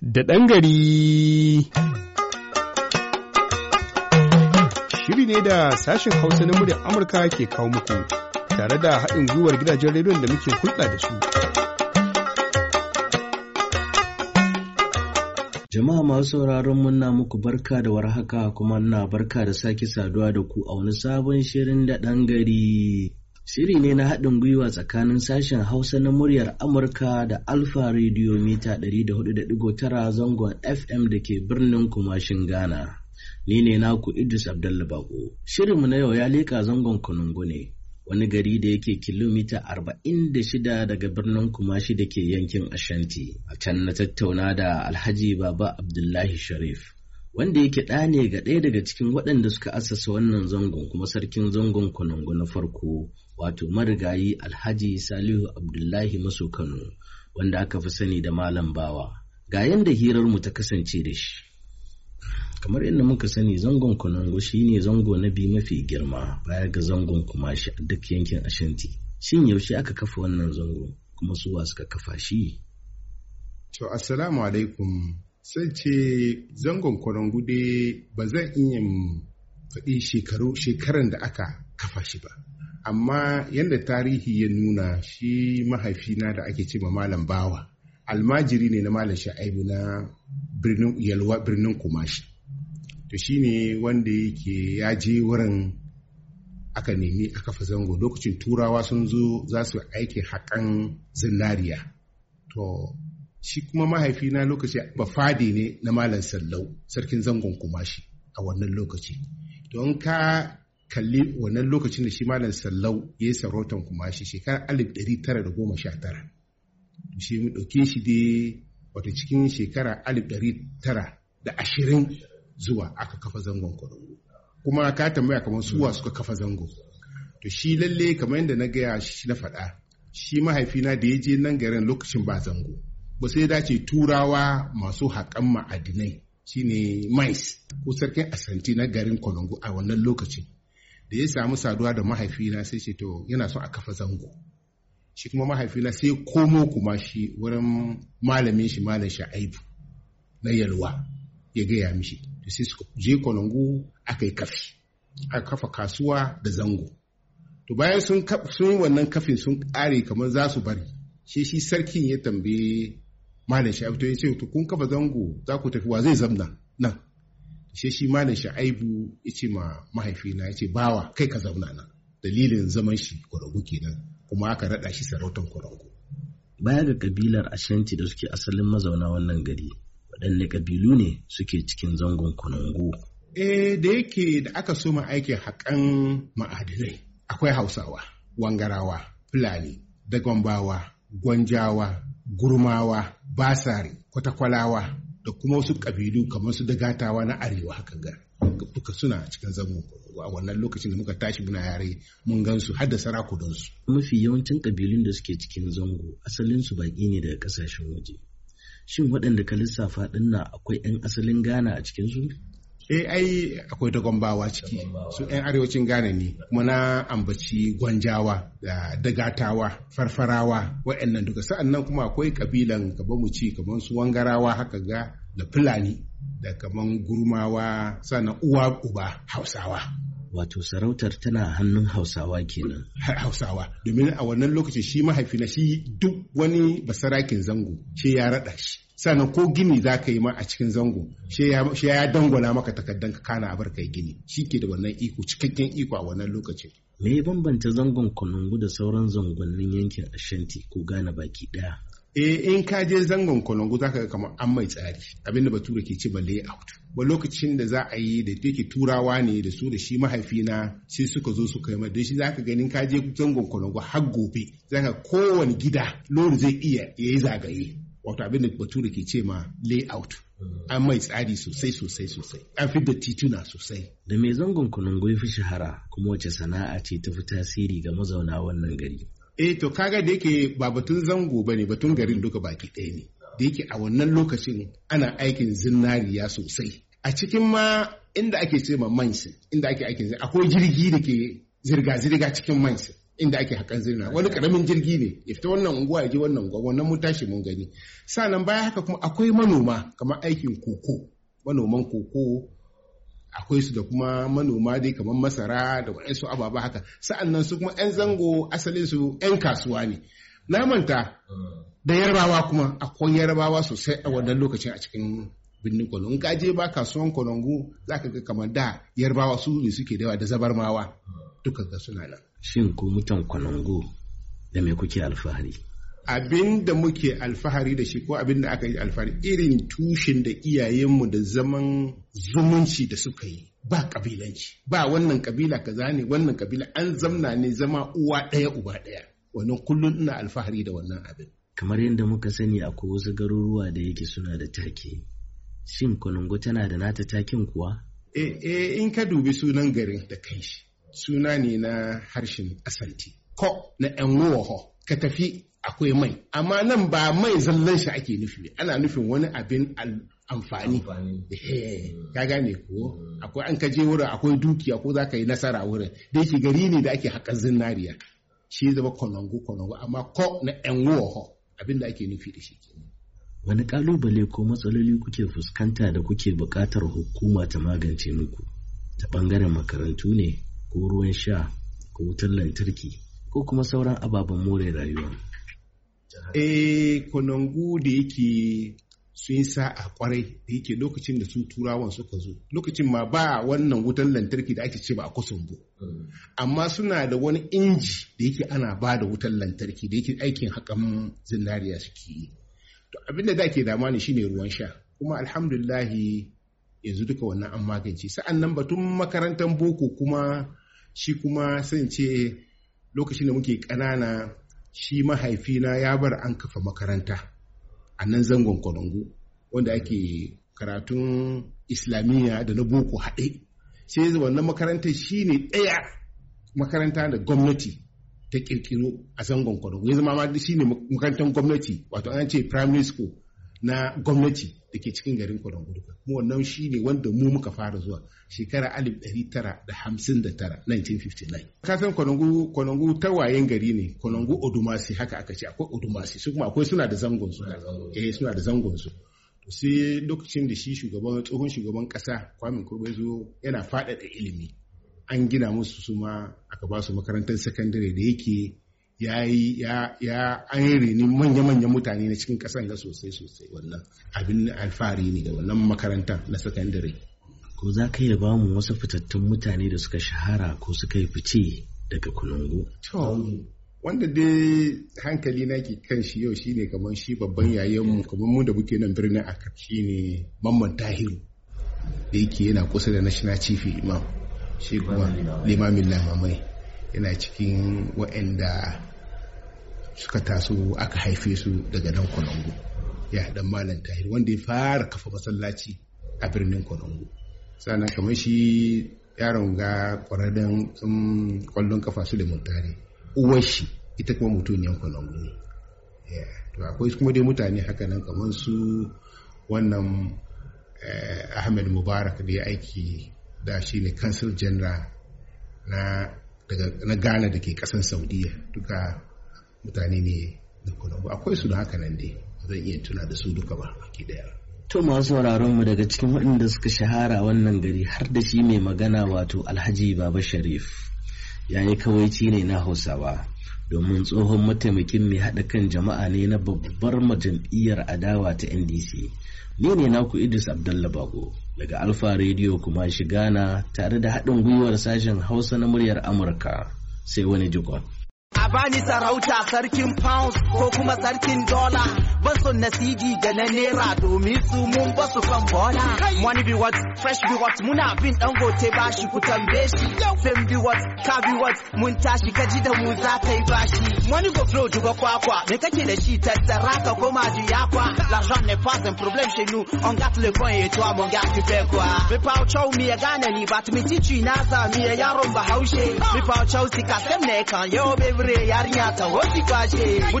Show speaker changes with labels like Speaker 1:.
Speaker 1: da ɗan gari. Shiri ne da sashen Hausa na muryar Amurka ke kawo muku tare da haɗin gwiwar gidajen rediyon da muke hulɗa da su.
Speaker 2: Jama'a masu sauraron muna muku barka da warhaka kuma na barka da sake saduwa da ku a wani sabon shirin da ɗan gari. Shiri ne na haɗin gwiwa tsakanin sashen Hausa na muryar Amurka da Alfa Radio mita 104.9 zangon FM da ke birnin Kumashin Ghana. Ni ne naku Idris Abdalla Bako. Shirinmu na yau ya leƙa zangon Kunungu ne, wani gari da yake kilomita 46 daga birnin Kumashi da ke yankin Ashanti. A can na tattauna da Alhaji Baba Abdullahi Sharif. wanda yake ɗa ne ga ɗaya daga cikin waɗanda suka asasa wannan zangon kuma sarkin zangon Kunungu na farko wato marigayi alhaji salihu abdullahi maso kano wanda aka fi sani da malam bawa ga yadda hirarmu ta kasance da shi kamar yadda muka sani zangon shi ne zango na biyu mafi girma baya ga zangon kumashi a duk yankin ashanti shin yaushe aka
Speaker 1: kafa wannan zango kuma suwa suka kafa shi to assalamu alaikum sai ce zangon konango dai ba zan iya faɗi shekaru shekaran da aka kafa shi ba amma yadda tarihi ya nuna shi mahaifina da ake ce ma malam bawa almajiri ne na malam sha'aibu na birnin yalwa birnin kumashi to shi ne wanda yake ya je wurin aka nemi aka fi zango lokacin turawa sun zo za su aiki haƙan zinariya to shi kuma mahaifina lokaci bafade ne na malam sallau sarkin zangon kumashi a wannan lokaci don ka kalli wannan lokacin da shi malam sallau ya yi sarautan kuma shi shekarar alif ɗari tara da goma sha tara shi mu ɗauke shi dai wata cikin shekara alif ɗari tara da ashirin zuwa aka kafa zangon kwarongo kuma ka tambaya kamar suwa suka kafa zango to shi lalle kamar yadda na gaya shi na faɗa shi mahaifina da ya je nan garin lokacin ba zango ba sai dace turawa masu haƙan ma'adinai shine mais ko sarkin asanti na garin kolongo a wannan lokacin da ya samu saduwa da mahaifina sai ce to yana so a kafa zango shi kuma mahaifina sai komo kuma shi wurin malamin shi malam sha'aibu na yalwa ya gaya mishi to sai suka je kwalangu aka yi kafi A kafa kasuwa da zango to bayan sun sun wannan kafin sun kare kamar za su bari shi shi sarkin ya tambaye malam sha'aibu to ya ce to kun kafa zango za ku tafi wa zai zamna nan shi shi malam sha'aibu ya ce ma mahaifina ya ce bawa kai ka zauna nan dalilin zaman shi kwarago kenan kuma aka raɗa shi sarautar kwarago baya ga kabilar ashanti da suke asalin mazauna wannan gari
Speaker 2: waɗanne kabilu ne suke cikin zangon kunungu
Speaker 1: eh da yake da aka so ma aikin haƙan ma'adinai akwai hausawa wangarawa fulani dagombawa gwanjawa gurmawa basari kwatakwalawa da kuma wasu ƙabilu kamar su dagatawa na arewa haka ga duka suna cikin zango a wannan lokacin da muka tashi muna yare mun gan su har da sarakunansu. mafi yawancin ƙabilun
Speaker 2: da suke cikin zango asalin su baƙi ne daga ƙasashen waje shin waɗanda ka lissafa
Speaker 1: ɗin akwai 'yan asalin ghana a cikinsu eh ai akwai ta gwambawa ciki su yan arewacin gane ne kuma na ambaci gwanjawa da dagatawa farfarawa wa'annan duka sa'annan kuma akwai kabilan gaba mu ci kamar su wangarawa haka ga da fulani da kaman gurmawa sannan uwa uba hausawa wato sarautar tana hannun hausawa kenan hausawa domin a wannan lokacin shi mahaifina shi duk wani basarakin zango shi ya raɗa shi sannan ko gini za ka yi ma a cikin zango shi ya dangwala maka takaddan ka kana abar kai gini shi ke da wannan iko cikakken iko a wannan lokacin me ya bambanta zangon kanungu da sauran zangonnin yankin ashanti ko gane baki daya eh in ka je zangon kolongo za ka ga kamar an mai tsari Abinda da bature ke ce balle out ba lokacin da za a yi da take turawa ne da su da shi mahaifina sai suka zo suka yi mai shi za ka ganin ka je zangon kolongo har gobe za ka kowane gida lori zai iya ya zagaye wato abin da bature ke ce ma layout mm. an mai tsari sosai sosai sosai an fi da tituna sosai da mai zangon kunun fi shahara kuma wace sana'a ce ta fi tasiri ga mazauna wannan gari eh to kaga da yake ba batun zango bane batun garin duka baki ɗaya ne da yake a wannan lokacin ana aikin zinariya sosai a cikin ma inda ake ce ma mansin inda ake aikin akwai jirgi da ke zirga-zirga cikin mansin inda ake hakan zirna wani karamin jirgi ne ya fita wannan unguwa ya je wannan unguwa wannan mun tashi mun gani sannan baya haka kuma akwai manoma kamar aikin koko manoman koko akwai su da kuma manoma dai kamar masara da waɗansu ababa haka sa'annan su kuma 'yan zango asalin su 'yan kasuwa ne na manta mm. da yarbawa kuma akwai yarbawa sosai a wannan lokacin a cikin birnin kwalon in ka je ba kasuwan kwalongo za ka ga kamar da yarbawa su ne suke da yawa da zabarmawa duka ga suna nan shin ku mutan kwalongo da me kuke alfahari abin da muke alfahari da shi ko abin da aka yi alfahari irin tushen da iyayenmu da zaman zumunci da suka yi ba kabilanci ba wannan kabila kaza ne wannan kabila an zamna ne zama uwa ɗaya uba ɗaya wannan kullum ina alfahari da wannan abin
Speaker 2: kamar yadda muka sani akwai wasu garuruwa da yake suna da take Shin Kunungu tana da nata takin kuwa?
Speaker 1: E, in ka dubi sunan garin da kai shi, suna ne na harshen asanti. Ko na ‘yan ka tafi akwai mai, amma nan ba mai zallan shi ake nufi, ana nufin wani abin amfani. Eh, ka gane ko? Mm. Akwai an kaje wurin akwai dukiya ko za ka yi nasara wurin, da yake gari ne da ake haƙar zinariya. Shi zaba kolongo kolongo, amma ko na ‘yan abin da ake nufi da shi wani kalubale ko matsaloli
Speaker 2: kuke fuskanta da kuke buƙatar hukuma ta magance muku ta ɓangaren makarantu ne ko ruwan sha ko wutar lantarki ko kuma sauran ababen more
Speaker 1: rayuwa eh konongu da yake sun sa a kwarai da yake lokacin da su turawan suka zo lokacin ma ba wannan wutar lantarki da ake ce ba a kusurbo amma suna da wani inji da yake ana ba da wutar lantarki da yake aikin haƙan zinariya suke yi to abinda da ke damuwa ne shine ruwan sha kuma alhamdulillahi yanzu duka wannan an magance sa'an nan batun makarantar boko kuma shi kuma sun ce lokacin da muke ƙanana shi mahaifina ya bar an kafa makaranta a nan zangon kwanangu wanda ake karatun islamiyya da na boko haɗe sai wannan makarantar shi ne ɗaya makaranta da gwamnati ta kirkiro a zangon kwadago ya zama ma shi ne makarantar gwamnati wato an ce primary school na gwamnati da ke cikin garin kwadago duka mu wannan shi ne wanda mu muka fara zuwa shekara 1959 1959 kasan kwadago kwadago tawayen gari ne kwadago odumasi haka aka ce akwai odumasi su kuma akwai suna da zangon su eh suna da zangon su sai lokacin da shi shugaban tsohon shugaban kasa kwamin kurbe zo yana faɗaɗa ilimi an gina musu su ma aka ba su makarantar sakandare da yake ya yi ya an reni manya-manyan mutane na cikin kasan ga sosai sosai wannan abin alfahari ne da wannan makaranta na sakandare ko za ka iya ba mu wasu fitattun mutane da suka shahara ko suka yi fice daga kulungu wanda dai hankali na ke kan shi yau shi ne kamar shi babban yayinmu kamar mu da muke nan birnin a ne mamman tahiru da yake yana kusa da national chief imam shi kuma limamin lamamai yana cikin waɗanda suka taso aka haife su daga nan kwanango ya dan malam tahir wanda ya fara kafa masallaci a birnin kwanango sana kamar shi yaron ga kwararren kwallon kafa su da mutane uwar shi ita kuma mutuniyar kwanango ne to akwai kuma dai mutane haka nan kamar su wannan eh, ahmed mubarak da ya aiki da shi ne kansil general na ghana da ke kasan saudiya duka mutane ne da akwai su da haka nan dai zan iya tuna da su duka ba ke daya to
Speaker 2: masu sauraron mu daga cikin waɗanda suka shahara wannan gari har da shi mai magana wato alhaji baba sharif kawai kawaici ne na hausawa domin tsohon mataimakin mai haɗa kan jama'a ne na babbar majam'iyyar adawa ta ndc ni ne naku idris abdullah bago daga alfa radio kuma shi ghana tare da haɗin gwiwar sashen hausa na muryar amurka sai wani jikon a bani sarauta sarkin pounds ko kuma sarkin dollar Basun na CD da na Naira domin su mun basu kan bola. Wani bi what, fresh bi what, muna bin dan gote ba shi ku tambaye shi. Fem bi what, ka bi what, mun tashi ka ji da mu za ka yi bashi. Wani go flow duba kwakwa, me kake da shi tattara ka koma diyakwa. L'argent n'est pas un problème chez nous, on gâte le coin et toi mon gars tu fais quoi? Ah! Me pa chau mi ya gane ni ba tumi tici na sa mi ya yaron bahaushe. Ah! Me pa chau si ka sem ne kan yau bebere yarinya ta hosi kwashe.